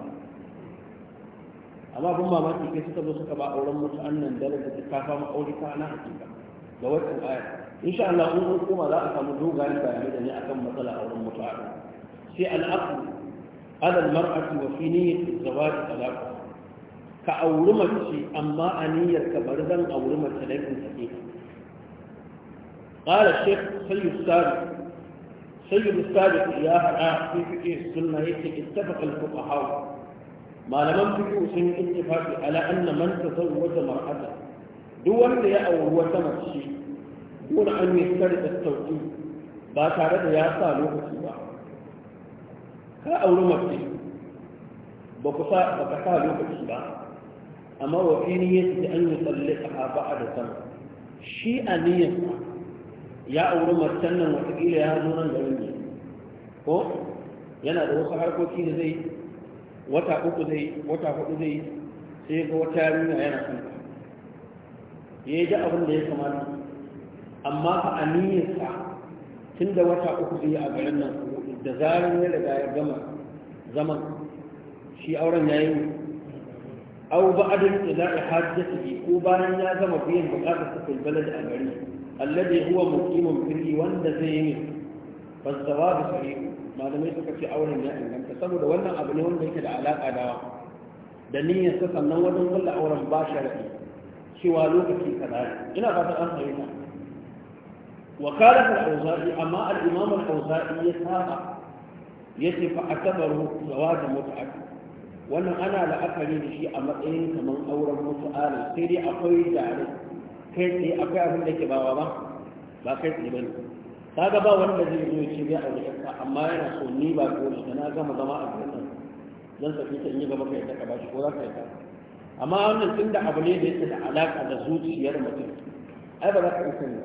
amma abin mamaki kai suka zo suka ba auren mutu annan da ta kafa aure ta na hakika da wannan aya insha Allah in mun koma za a samu dogayen bayani da ne akan matsala auren mutu sai al-aqd ala al-mar'ati wa fi niyyati zawaj talaq ka auri mace amma a niyyar ka bari zan auri mace da in take Ƙara shaykh sayu sadiq sayyid sadiq ya hada fi fiqh sunna yake ittafaqa al-fuqaha malaman fiqh sun ittifaqi ala anna man tazawwaja mar'ata duk wanda ya auri wata mace dole an yi sarri da sauki ba tare da ya sa lokaci ba ka auri mace ba ku sa ba ka sa lokaci ba amma wa fi niyyati an yutallaqaha da sam shi a aniyan ya auri matan nan watakila ya zo nan garin ne ko yana da wasu harkoki da zai wata uku zai wata hudu zai sai ga wata yarinya yana son ya yi ji abin da ya kamata amma a aniyarsa tun da wata uku zai a garin nan da zarar ya riga ya gama zaman shi auren ya yi aw ba'da ila'i hajjatihi ko bayan ya zama biyan bukatar sa fil balad a gari alladhi huwa muqimun fihi wanda zai yi fasawabu sahih malamai suka ce auren ya inganta saboda wannan abu ne wanda yake da alaka da wa, da niyyar sa sannan wajen kulla auren ba sharadi cewa lokaci kaza ina fatan an fahimta wa qala al-awza'i amma al-imam al-awza'i ya saba yace fa akabaru zawaj mut'ati wannan ana la'akari da shi a matsayin kamar auren mutu'ala sai dai akwai jare kai tsaye akwai abin da ke bawa ba ba kai tsaye ba ne kaga ba wanda zai zo ce zai aure ka amma yana so ni ba ko da na gama zama a gurin nan zan saki ta in yi gaba kai ta ka bashi ko za ka yi ta amma wannan tun da abu ne da yake da alaka da zuciyar mutum ai ba za ka yi sani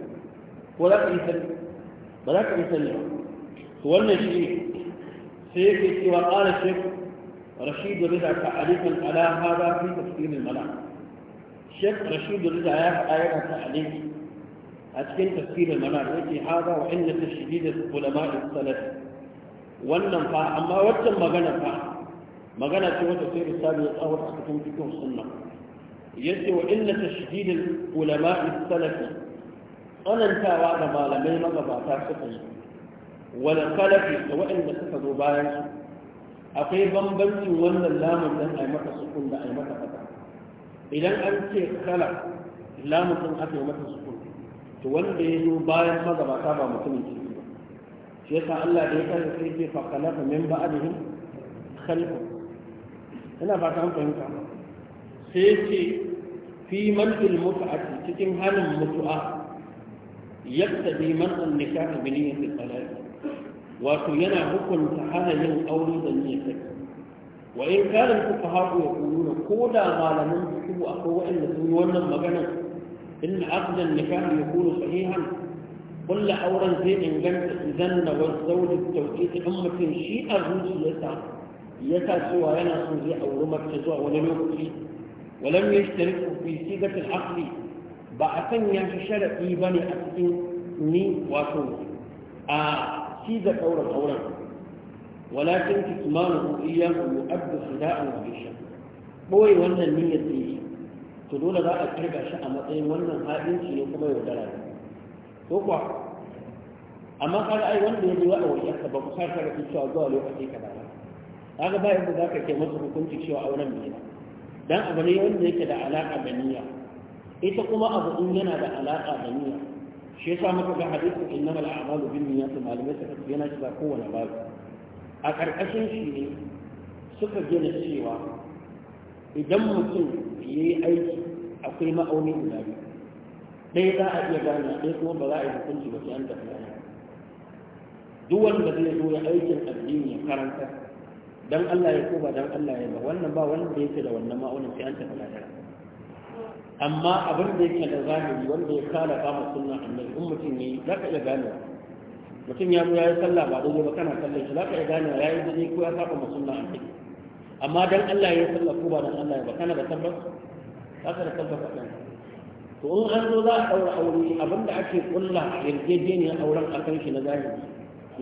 ko za ka yi sani ba za ka yi sani ba to wannan shi sai yake cewa ƙara shekaru رشيد رضا تعليقا على هذا في تفسير المنام الشيخ رشيد رضا آية تعليق أتكن تفسير المنام يأتي هذا وإن تشديد علماء السلف wannan fa amma waccan magana fa magana ce wata sai misali ya tsawar a cikin cikin sunna yace wa inna tashdid ulama salafi tsanantawa da malamai magabata suka yi wal salafi da waɗanda suka zo bayan su akwai bambancin wannan lamun dan ai maka sukun da ai maka fata idan an ce kala lamun din aka yi maka sukun to wanda ya zo bayan magabata ba mutumin ciki ba shi yasa Allah da ya kare sai ce fa khalafa memba ba'dihim khalqa ina fata an fahimta sai ce fi mantil mut'ati cikin halin mutu'a yaqtadi man an nikahu bi niyyati talaq wato yana hukunta hana yin aure da niyyar saki wa in kana fuqaha ya kuluna ko da malaman fiqh akwai wa'anda sun yi wannan magana in aqd an-nikah yakunu sahihan kullu auren zai inganta idan na wazzauli tawqit in mutum shi a zuciyarsa ya sa cewa yana son zai auri mace zuwa wani lokaci walam yashtariku fi sigat al ba a sanya shi sharadi bane a cikin ni wato a ciza ɗaurin auren walakin kitmanu iyahu yu'addu khida'an wa isha boye wannan niyyar da yi to dole za a kirga shi a matsayin wannan haɗinci ne kuma yaudara ne ko amma kaga wanda ya zuwa a wuriyarsa ba ku sarka da zuwa lokaci ka ba kaga ba yadda za ka ke masa hukunci cewa auren bai dan abu ne wanda yake da alaƙa ita kuma abu in yana da alaƙa da shi yasa muka ga hadisin innamal a'malu binniyat malamai suka yana shiga kowane babu a ƙarƙashin shi ne suka gina cewa idan mutum ya yi aiki akwai ma'auni guda biyu ɗaya za a iya gane ɗaya kuma ba za a yi hukunci ba sai an tafi duk wanda zai zo ya aikin addini ya karanta dan Allah ya ko ba dan Allah ya ba wannan ba wanda yake da wannan ma'aunin sai an tafi lahira amma abin da yake da zahiri wanda ya kala kama sunna annabi in mutum ne za ka iya ganewa mutum ya zo ya yi sallah ba dole ba kana kallon shi za ka iya ganewa ya yi daidai ko ya saba ma sunna annabi amma dan Allah ya sallah ko ba dan Allah ba kana da tabbas za ka da tabbas a kanka to in an zo za a ɗaura aure abin da ake kulla yarjejeniyar auren a kan shi na zahiri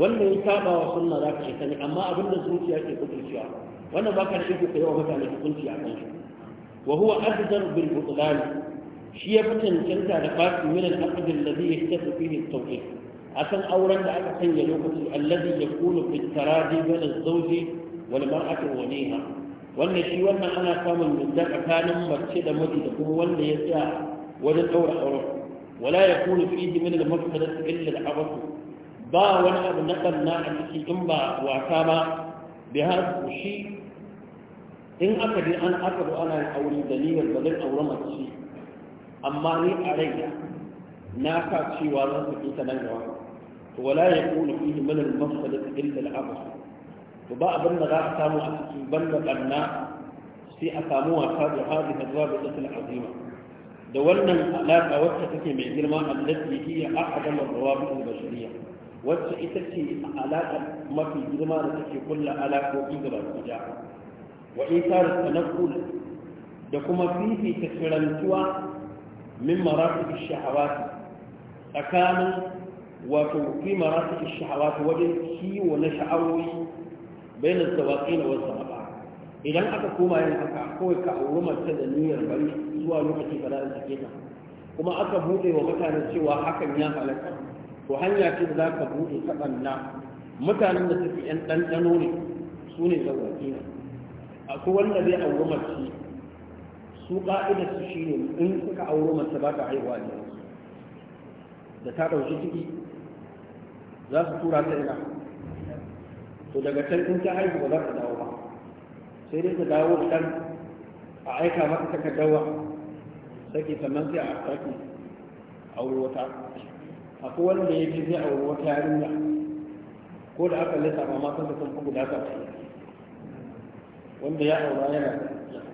wanda ya saba wa sunna za ka iya sani amma abin da zuciya ke kuɗin wannan ba ka da iko ka yawa mutane hukunci a kan shi wa huwa akhdar bil shi ya fitancanta da fasu min al aqd alladhi yahtasu fihi at akan auren da aka sanya lokacin alladhi yakunu fi taradi bain az-zawj wal mar'ati waliha wannan shi wannan ana samun yadda tsakanin mace da miji da kuma wanda ya tsaya wajen daura auren wala yakunu fihi min ba wani abu na ƙanna a ciki in ba wasa ba bi in aka je an aka zo ana yin aure dalilin ba zai aure mace amma ni a rai na sa cewa zan saki ta nan gaba to wala ya kuna fihi min al mafsadat illa al abas to ba abin da za a samu a cikin banda barna sai a samu wasa da da zuwa da al-azima da wannan alaka wacce take mai girma allati hiya aqdam al-rawabit al-bashariyah wacce ita ce alaka mafi girma da take kullu alaƙoƙi gaba ɗaya wa ikar tanakkul da kuma fifita tsirantuwa min maratib shahawat tsakanin wato fi maratib shahawat wajen kiwo na sha'awoyi bayan zawaqin wa ba idan aka koma yin haka kawai ka auri mace da niyyar bari zuwa lokaci ba za sake ta kuma aka buɗe wa mutane cewa hakan ya halaka to hanya ce da za ka buɗe ta ɓanna mutanen da suke 'yan ɗanɗano ne su ne zawaki akwai wanda zai auri mace su ka'idar su shi ne in suka auri mace ba ta haihuwa ne da ta ɗauki ciki za su tura ta ina to daga can in ta haihu ba za ta dawo ba sai dai ta dawo can a aika mata takardawa sake sannan sai a sake auri wata akwai wanda ya ce zai auri wata yarinya ko da aka lissafa matan da sun fi guda ta wanda ya aura yana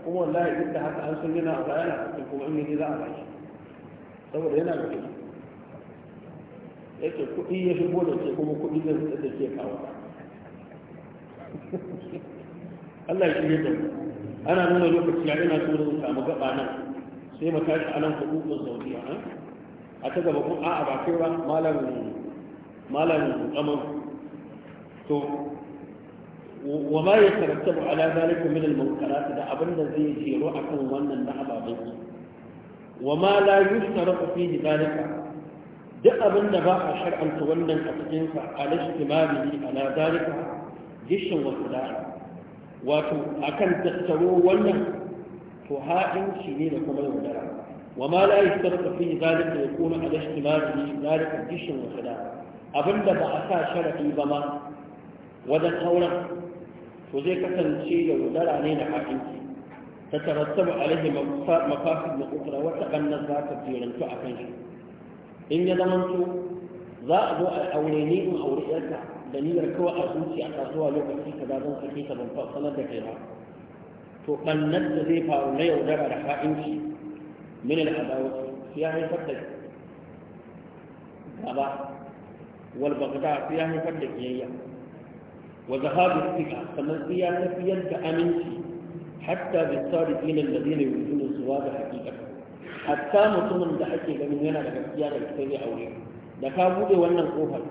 kuma wallahi duk da haka an sun yana aura yana sakin kuma in yaji za a bashi saboda yana da kuɗi yake kuɗi ya shigo da ke kuma kuɗi zai fita da ke kawo Allah ya shirya da ana nuna lokaci ya ina so da samu gaba nan sai mu tashi a nan kuɗin ɗin saudiya nan a ta gaba kun a'a ba kai ba malam malam kamar to وما يترتب على ذلك من المنكرات ده أبن زي جيرو أكن ونن نحبا بيكي وما لا يشترط فيه ذلك ده أبن باع شرعا تولن أتجنك على اشتماله على ذلك جيش وصداع واتو أكن تختروا ونن فهائن شنين كما يودرع وما لا يشترط فيه ذلك يكون على اشتماله ذلك جيش وصداع أبن باع شرعي بما wajen auren ku zai kasance da wudara ne da haƙinci ta tarattaba alaihi mafasid na ukra wata ganna za ta jerantu a kan shi in ya zamanto za a zo a aure ne in aure yarka da niyyar kawai a zuci a kasuwa lokaci ka za zan sake ka ban sanar da kai ba to ɓannar da zai faru na yaudara da haƙinci min su ya haifar da gaba wal bagda ya haifar da kiyayya wa zahabu sika sannan sai ya tafiyar da aminci hatta bi sadiqina alladhina yu'minuna suwa da haqiqa hatta mutumin da ake ganin yana da gaskiya da sai zai aure da ka bude wannan kofar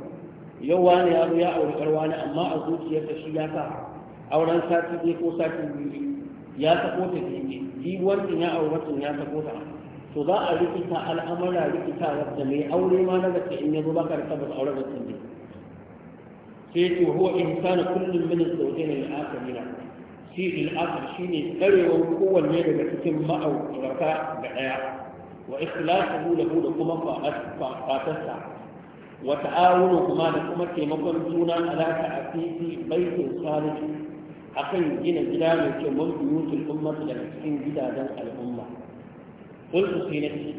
yau wani ya ya aure kar amma a zuciyarsa shi ya sa auren sati ɗaya ko sati biyu ya sako ta fiye jibuwancin ya aure wancan ya sako ta to za a rikita al'amura rikita da mai aure ma na gaske in ya zo baka rika auren sai ce huwa insanu kullum min zawjayn al-akhirin shi al-akhir shine tsarewar kowanne daga cikin ma'aurata ga daya wa ikhlasuhu lahu da kuma fatarsa wa ta'awunu kuma da kuma taimakon juna alaka a fifi baitin salih akan gina gida mai kyau mun buyutul ummati daga cikin gidajen al'umma قلت في نفسي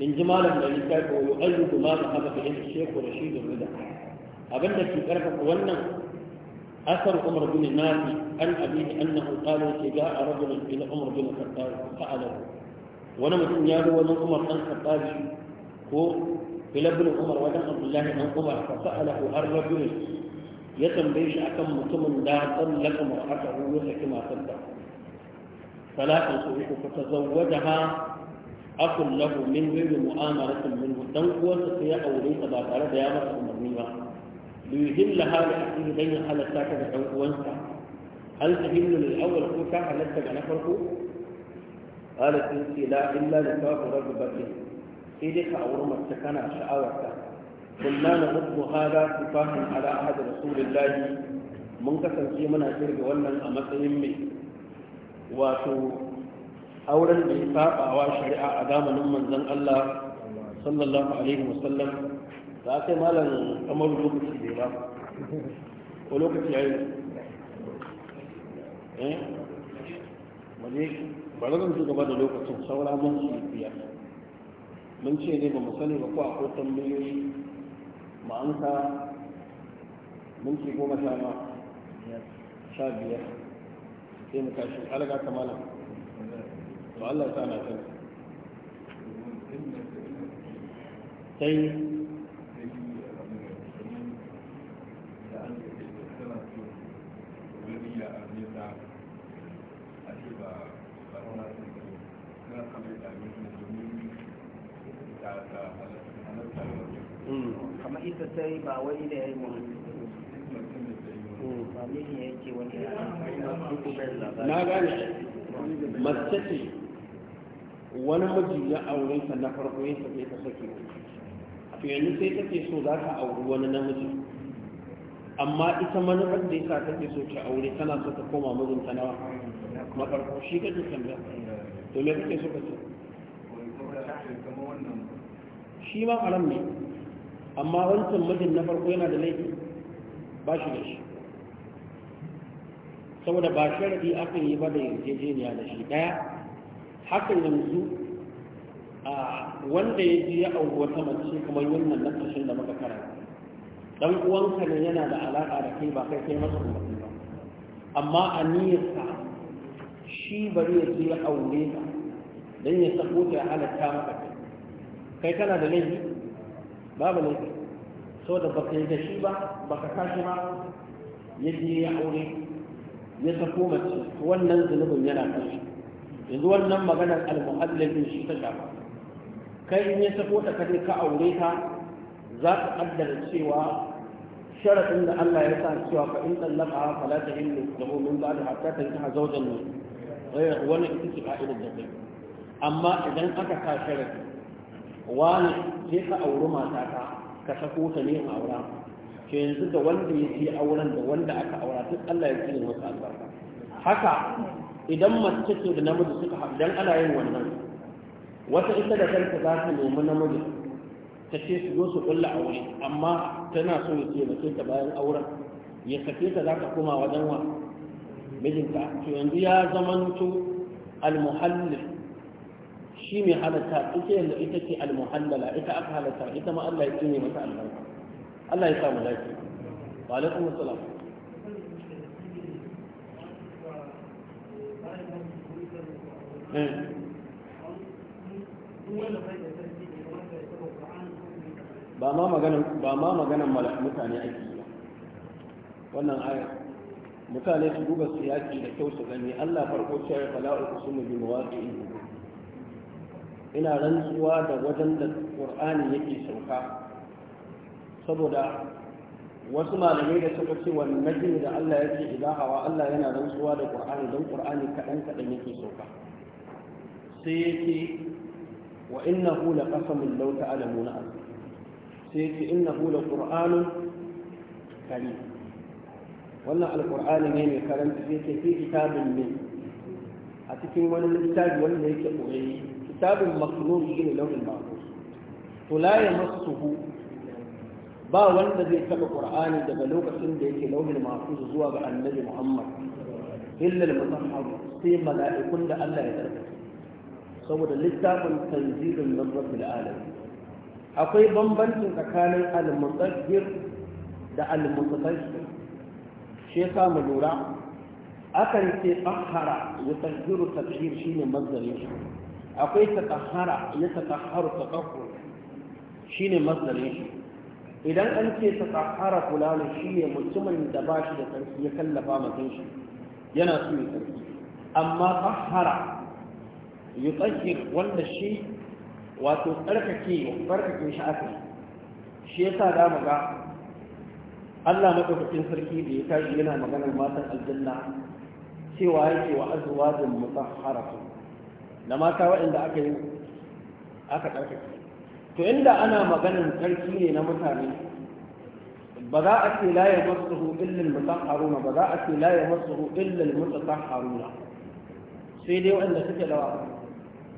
إن جمالا ما يتابع ويؤيد ما ذهب إليه الشيخ رشيد الهدى abin da ke karfafa wannan asar umar bin nafi an abini annahu qala ke ga a umar bin khattab fa ala wani mutum ya zo wajen umar dan khattab ko ila bin umar wajen abdullahi dan umar fa sa'ala hu ar rajul ya tambaye shi akan mutumin da dan lakum wa aka hu ya saki matarsa salatu su yi ku tazawwajaha akul lahu min ghayri mu'amaratin minhu dan uwarsa sai ya aure ta ba tare da ya masa umarni ba ليهل هذا أكيد دين على الساكة وانسى هل تهل للأول كوكا هل تجعل فرقه قال سنسي لا إلا لتواب رب بدر سيدك أو رمت كان شعاوك قلنا نحب هذا كفاها على أحد رسول الله mun kasance muna shirga wannan a matsayin mai wato auren da ya sabawa shari'a a zamanin manzon Allah sallallahu alaihi wasallam ba sai malam kamar lokaci ne ba ko lokaci yayi eh maje bari zan ci gaba da lokacin saura mun su biyar mun ce ne ba mu sani ba ko a miliyoyi ma an amsa mun ci goma sha ma sha biyar sai mu tashi alaga ta malam to Allah ya sa na sani sai nesa a ce ba domin ta yi ba wani da ya yi hmm, ya ta sake ta sake to yanzu sai take so za ka auri wani namiji amma ita manufar da yasa kake so ta aure tana so ta koma mijinta nawa na farko shi kake tambaya to me kake so ka ce shi ma haram ne amma wancan mijin na farko yana da laifi ba shi da shi saboda ba sharadi aka yi ba da yarjejeniya da shi daya hakan yanzu a wanda ya je ya auri wata mace kamar wannan na da muka karanta dan uwanka ne yana da alaka da kai ba kai kai masa umarni ba amma a niyyarsa shi bari ya je aure ka dan ya sako ta ya halatta maka kai kana da laifi babu laifi da baka yi da shi ba baka ka kashi ba ya je ya aure ya sako mace wannan zunubin yana shi yanzu wannan maganar almuhallabin shi ta shafa kai in ya sako ta kaje ka aure ka za ka kaddara cewa sharaɗin da Allah ya sa cewa fa in tallaka fala ta da lahu min ba'd hatta tankaha zawjan min ghayra wani ita ce ka'idar da kai amma idan aka sa sharaɗi wani sai ka auri mata ka ka sako ta ne a aura ke yanzu da wanda ya je auren da wanda aka aura duk Allah ya tsine masa albarka haka idan mace ce da namiji suka haɗu dan ana yin wannan wata ita da kanta za ta nemi namiji ta ce su zo su kulla aure amma tana so ya taimake ta bayan auren ya sake ta za ka koma wajen wa mijinka to yanzu ya zamanto almuhallil shi mai halatta ita yanzu ita ce almuhallala ita aka halatta ita ma Allah ya tsine mata albarka Allah ya samu lafiya wa alaikum assalam eh ba ma maganan ba ma maganan mutane ake yi wannan aya mutane su duba siyaki da kyau su gani Allah farko ce ya su mu bi mawaqi'in ina rantsuwa da wajen da Qur'ani yake sauka saboda wasu malamai da suka ce wannan najmi da Allah yake hawa Allah yana rantsuwa da Kur'ani, don ƙur'ani kaɗan kaɗan yake sauka sai yake wa mun lauta law na azim sai ce innahu la qur'anun kari wannan alqur'ani ne mai karanta sai ce fi kitabin ne a cikin wani littafi wanda yake koyi kitabin maknun shine launin mahfuz to la yamassuhu ba wanda zai taɓa qur'ani daga lokacin da yake launin mahfuz zuwa ga annabi muhammad illa al-mutahhar sai mala'ikun da Allah ya tsarkake saboda littafin tanzilun min rabbil alamin akwai bambancin tsakanin al-mutsaffir da al-mutsaffir shi yasa mu lura akan ce tsahara ya tsahhiru tashhir shine mazdarin shi akwai tatahara ya tatahharu tatahhur shine mazdarin shi idan an ce tatahara fulani shine mutumin da ba shi da tsarki ya kallafa mutum shi yana so ya tsarki amma tsahara ya tsahhir wanda shi wato tsarkake tsarkake shi aka shi yasa da mu ga Allah madaukakin sarki da ya tashi yana maganar matan aljanna cewa yake wa azwajin mutahharatu da mata waɗanda aka yi aka tsarkake to inda ana maganin sarki ne na mutane ba za a ce la ya masu illal haruna. ba za a ce la ya masu illal haruna. sai dai waɗanda suke da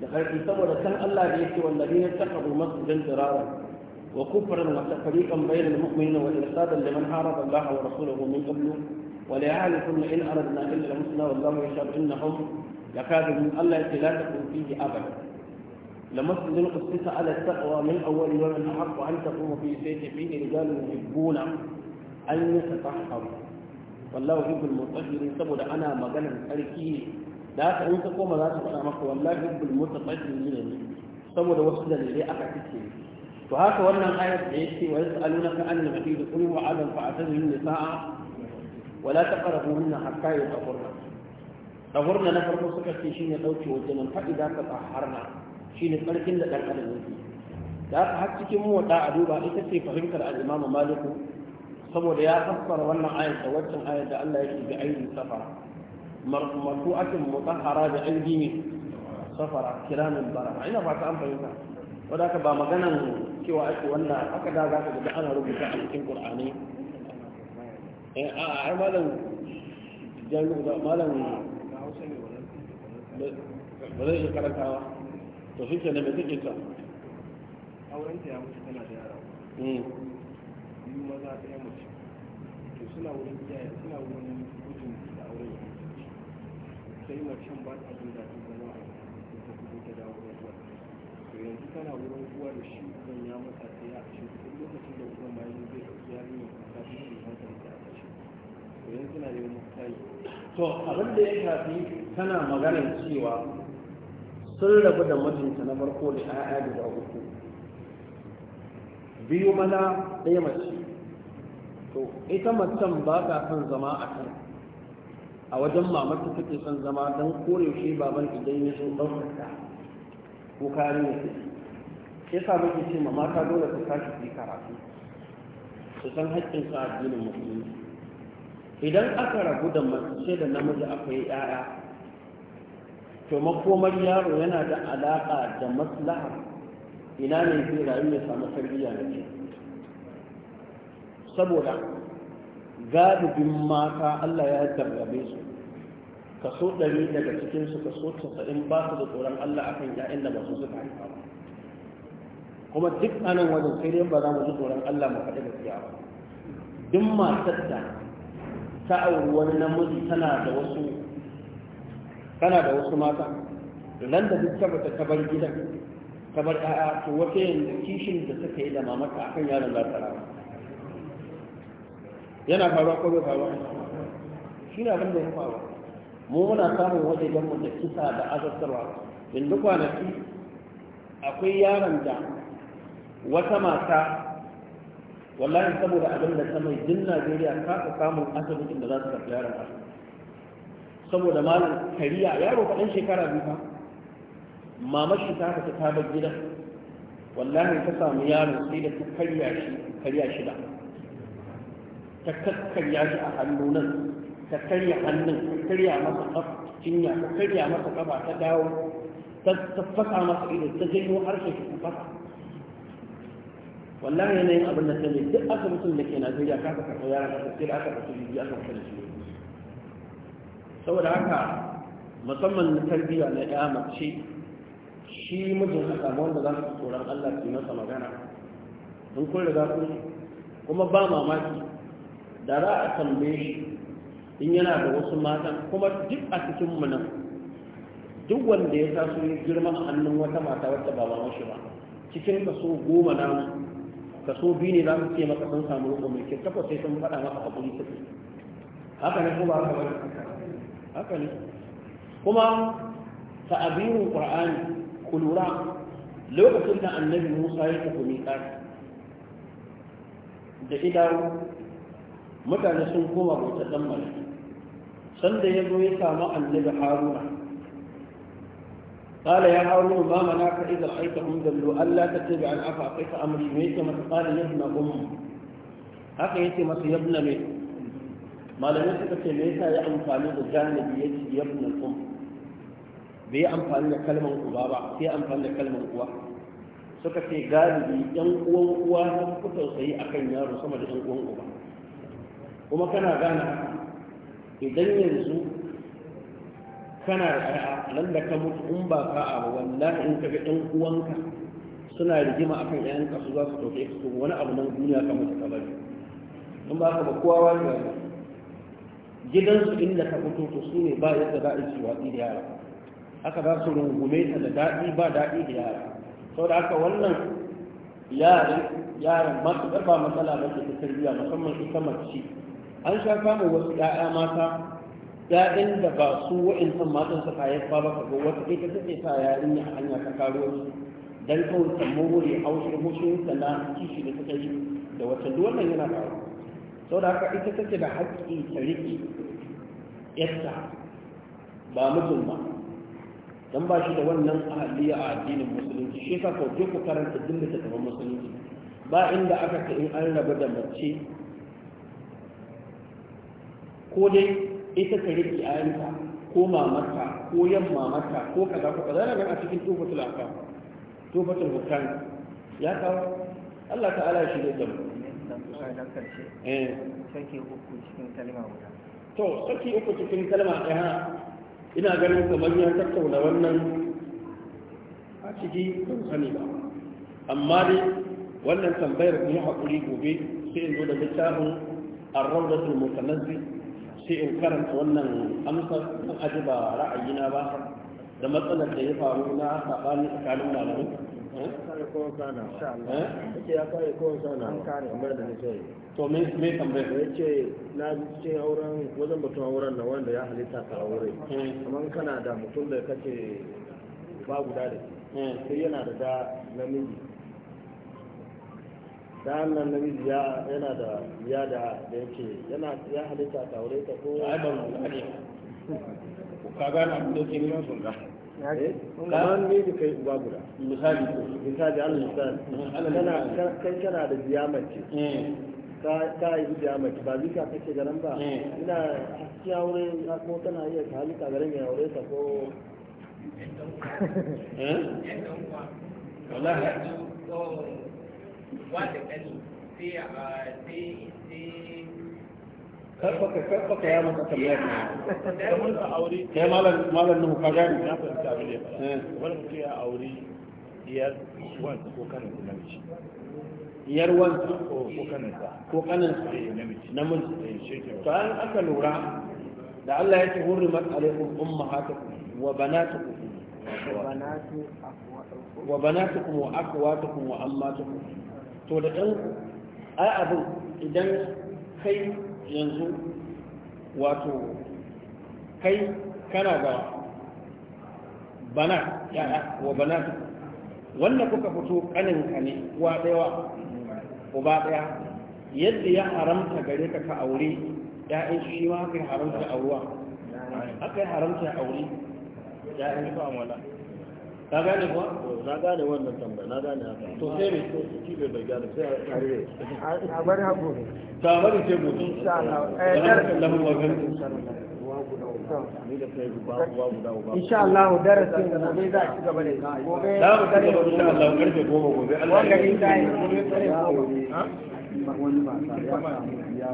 da ƙarfi saboda kan Allah da yake wallabi na takabu masjidan dirawa wa kufran wa tafriqan bainal muminin wa irsadan liman haraba Allah wa rasulahu min qablu wa la ya'lamu in aradna illa al-husna wallahu yashhadu innahum lakadibun Allah yake la takun fihi abada لمسجد قصص على التقوى من أول يوم أحق أن تقوم في سيف فيه رجال يحبون أن يتطهروا والله يحب المطهرين saboda ana maganar tsarki da haka in ka koma za su faɗa maka wallahi hibbul mutaqaddimin ne saboda wasu dalilai aka fice to haka wannan ayat da yake wa yasalunaka anil mahid qul huwa adam fa'tazilun nisaa wala taqrabuhunna hatta yutahharna tahurna na farko suka ce shine dauke wajenan fa'ida ka taharna shine tsarkin da dan adam yake da haka har cikin mu mota a duba ita ce fahimtar al-imam maliku saboda ya fassara wannan ayat da waccan ayat da Allah yake bi ainihin safara marfu'atin mutahhara da aidi ne safara kiramin bara ina fata an fahimta wanda ka ba maganan cewa ake wannan haka da za ka ga ana rubuta a cikin qur'ani eh, a ai malam jami'u da malam ba zai iya to shi ke na mai take ta auren ta ya mutu tana da yara hmm. maza kalimar shan ba ta jin daɗin zama a da ta fito ta dawo da zuwa to yanzu tana wurin uwa da shi zan ya masa ta ya ce duk lokacin da uban bayan zai ɗauki yarinyar ta fi yin ta da aka ce to yanzu na da wani misali to abin da ya shafi tana maganar cewa sun rabu da mijinta na farko da 'ya'ya guda uku biyu mana ɗaya mace to ita macen ba ta kan zama a kan a wajen mamar ta take son zama don kore shi baban idan ya so ɗaukaka ko kare ne sai sa muke ce ma mata dole su tashi su karatu su san haƙƙin sa addinin musulmi idan aka rabu da mace da namiji aka yi ƴaƴa to makomar yaro yana da alaƙa da maslaha ina ne zai rayu ya samu tarbiyya da saboda galibin mata Allah ya gargabe su kaso ɗari daga cikinsu kaso casa'in ba su da tsoron Allah akan ya'yan da masu suka haifa ba kuma duk anan wajen sai dai ba za mu ji tsoron Allah mu faɗi gaskiya ba duk matar da ta auri wani namiji tana da wasu kana da wasu mata nan da duk tabbata ta bar gidan ta bar ƴaƴa to wata yanzu kishin da suka yi da mamaka akan yaron za ta rawa yana faruwa ko bai faruwa shi ne abin da ya faru mu muna samun wajen mu da kisa da azabtarwa yanzu kwanaki akwai yaron da wata mata wallahi saboda abin da ta mai jin najeriya ka samun asibitin da za su tafi yaron asibiti saboda malam kariya yaro kaɗan shekara biyu fa mama shi ta fita ta bar gida wallahi ta samu yaron sai da ta karya shi karya shida ta kakkarya shi a hannu nan ta karya hannun ta karya masa kaf cinya ta karya masa kafa ta dawo ta tabbata masa ido ta janyo harshe shi ta fasa wallahi yanayin abin da ta ne duk asibitin da ke najeriya ka kasa ta yara ta sai aka kasu biyu aka kasa shi saboda haka musamman na tarbiyya na ya mace shi mijin a samu wanda za su tsoron allah su masa magana in kun riga kun kuma ba mamaki da za a tambe shi in yana da wasu matan kuma duk a cikin mu nan duk wanda ya taso ya girma a hannun wata mata wacce ba ba mashi ba cikin kaso goma na kaso biyu ne za mu ce maka sun samu rukun kyau takwas sai sun faɗa maka hakuri suke haka ne ko ba haka ba haka ne kuma ta'abirin qur'ani ku lura lokacin da annabi Musa ya tafi miƙa da idawo mutane sun koma bauta dan malaka sanda ya zo ya samu annabi haruna قال يا هارون ما منعك إذا رأيتهم ذلوا ألا تتبع أفعقيت أمري ميت قال يا ابن أم haka yake masa yabna mai malamai suka ce me yasa ya amfani da janibi ya ce yabna kum bai yi amfani da kalmar uba ba sai amfani da kalmar uwa suka ce galibi yan uwan uwa sun fi tausayi akan yaro sama da yan uwan uba kuma kana gane idan yanzu kana da ƴaƴa nan da ka mutu in ba ka a wallahi in ka ga ɗan uwanka suna rigima akan ƴaƴan ka su za su tofe su wani abu nan duniya ka mutu ka bari in ba ka ba kowa wani gidan gidansu inda ka fito to su ne ba yadda za a ci watsi da yara haka za su rungume ta da daɗi ba daɗi da yara sau da haka wannan yaran yaran masu ba matsala ba ke ta tarbiyya musamman ita mace an sha kama wasu 'ya'ya mata 'ya'yan da ba su wa'insan matan su ka yaffa ba kaga wata ita take sa yarinya a hanya ta karuwa dan kawai ta mure haushin haushin ta na kishi da suka yi da wata duk wannan yana faru da haka ita take da haƙƙi ta riƙe yadda ba mutum ba dan ba shi da wannan ahaliya a addinin musulunci shi ka ko duk karanta dukkan littattafan musulunci ba inda aka ka in an rabu da mace ko dai ita ta riƙe ayanta ko mamarta ko yan mamarta ko kaza ko kaza nan a cikin tufatul aka tufatul hukkan ya kawo Allah ta'ala ya shirye da mu dan eh sake uku cikin kalma guda to sake uku cikin kalma ɗaya ina ganin kamar ya tattauna wannan a ciki ban sani ba amma dai wannan tambayar ku yi gobe sai in zo da littafin الروضة المتنزه sai in karanta wannan amsar kan aji ba ra'ayina ba da matsalar da ya faru na saɓani tsakanin malamu eh? eh? to me me tambaya ya ce na ce auren wajen batun auren na wanda ya halitta ka aure kamar kana eh. da mutum da kake ba guda da sai yana da da namiji da annan namiji ya yana da ya da da yake yana ya halitta ta aure ta ko ka gane da sun eh? ga ne da kai uba guda misali misali misali kana kai kana da eh. ka yi ba zika kake garan ba eh. ina ko tana iya ta halika garin ya ta ko eh wallahi wata kani sai ah, sai sai karfaka karfaka ya maka tambayar na. da mun ka aure kai malam malam nuhu ka gani na fahimta abin da ba. wani eh. mutum ya aure diyar wanda ko kanin namiji diyar wanda ko kaninsa ko kaninsa eh, namiji eh, to an aka lura da Allah ya ce hurrimat alaikum ummahatukum wa banatukum wa banatukum wa akhwatukum wa ammatukum to da ɗan ai abin idan kai yanzu wato kai kana da bana yara wa bana wanda kuka fito ka ne kuwa ɗaya uba ɗaya yadda ya haramta gare ka ka aure ya'yan shi ma haka haramta auruwa haka haramta aure ya'yan shi ba wala ka gane kuwa na gane wannan tambaya na gane haka to sai ne to shi bai bai gane sai a kare a bari haƙo ta bari ce mutum insha Allah eh kar lahu wa gani insha Allah darasin gobe za a ci gaba da gobe za mu ci gaba insha Allah karfe goma gobe Allah ya yi gobe wani ba ya